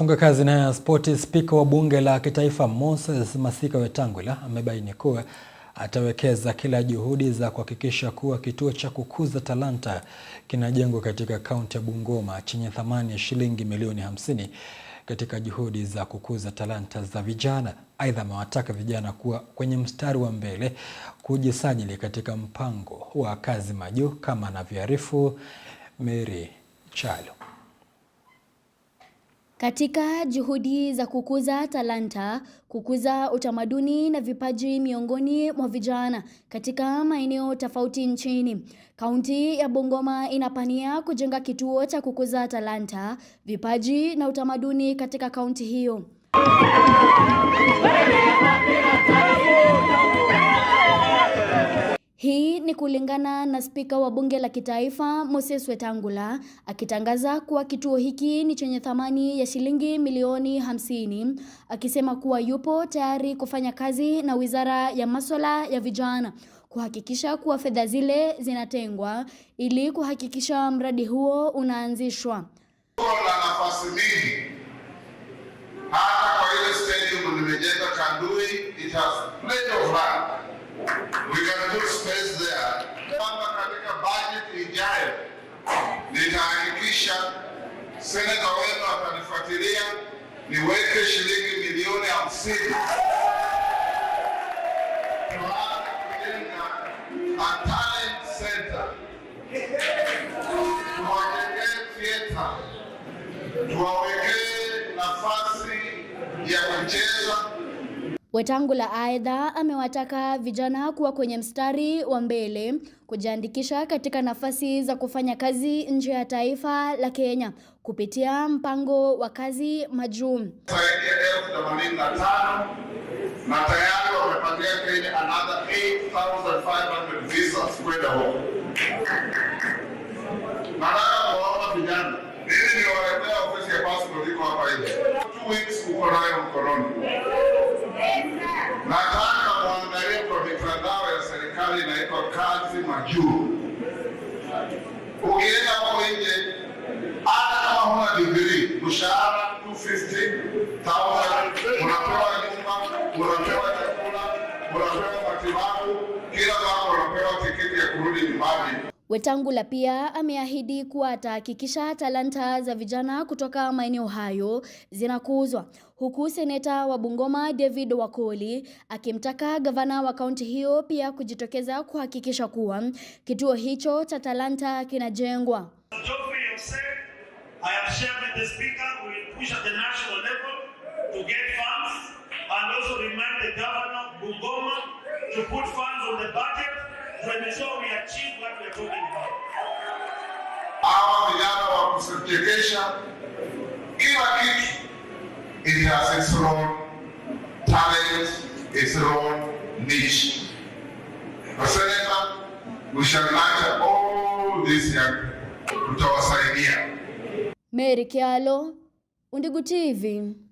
Funga kazi na ya spoti. Spika wa bunge la kitaifa Moses Masika Wetang'ula amebaini kuwa atawekeza kila juhudi za kuhakikisha kuwa kituo cha kukuza talanta kinajengwa katika kaunti ya Bungoma chenye thamani ya shilingi milioni 50 katika juhudi za kukuza talanta za vijana. Aidha, amewataka vijana kuwa kwenye mstari wa mbele kujisajili katika mpango wa Kazi Majuu, kama anavyoarifu Mary Kyalo. Katika juhudi za kukuza talanta, kukuza utamaduni na vipaji miongoni mwa vijana katika maeneo tofauti nchini, kaunti ya Bungoma inapania kujenga kituo cha kukuza talanta, vipaji na utamaduni katika kaunti hiyo. kulingana na spika wa bunge la kitaifa Moses Wetangula akitangaza kuwa kituo hiki ni chenye thamani ya shilingi milioni hamsini, akisema kuwa yupo tayari kufanya kazi na wizara ya masuala ya vijana kuhakikisha kuwa fedha zile zinatengwa ili kuhakikisha mradi huo unaanzishwa. Nafasi mingi seneta wenu atanifuatilia niweke shilingi milioni hamsini tuwawekee nafasi ya kucheza Wetangula aidha amewataka vijana kuwa kwenye mstari wa mbele kujiandikisha katika nafasi za kufanya kazi nje ya taifa la Kenya kupitia mpango wa kazi majuu na tayari Kenya another 8500 visas kwenda huko. Nataka kuwaomba vijana, mimi niwaletea ofisi ya passport iko hapa nje, two weeks uko nayo mkononi serikali inaitwa kazi majuu. Ukienda huko nje, hata kama huna Jubilee, mshahara 250,000 unapewa nyumba, unapewa chakula, unapewa Wetangula pia ameahidi kuwa atahakikisha talanta za vijana kutoka maeneo hayo zinakuzwa, huku seneta wa Bungoma David Wakoli akimtaka gavana wa kaunti hiyo pia kujitokeza kuhakikisha kuwa kituo hicho cha talanta kinajengwa. kuchekesha, kila kitu. It has its own talent, its own niche. Nasema we shall nurture all these young tutawasaidia. Mary Kyalo, Undugu TV.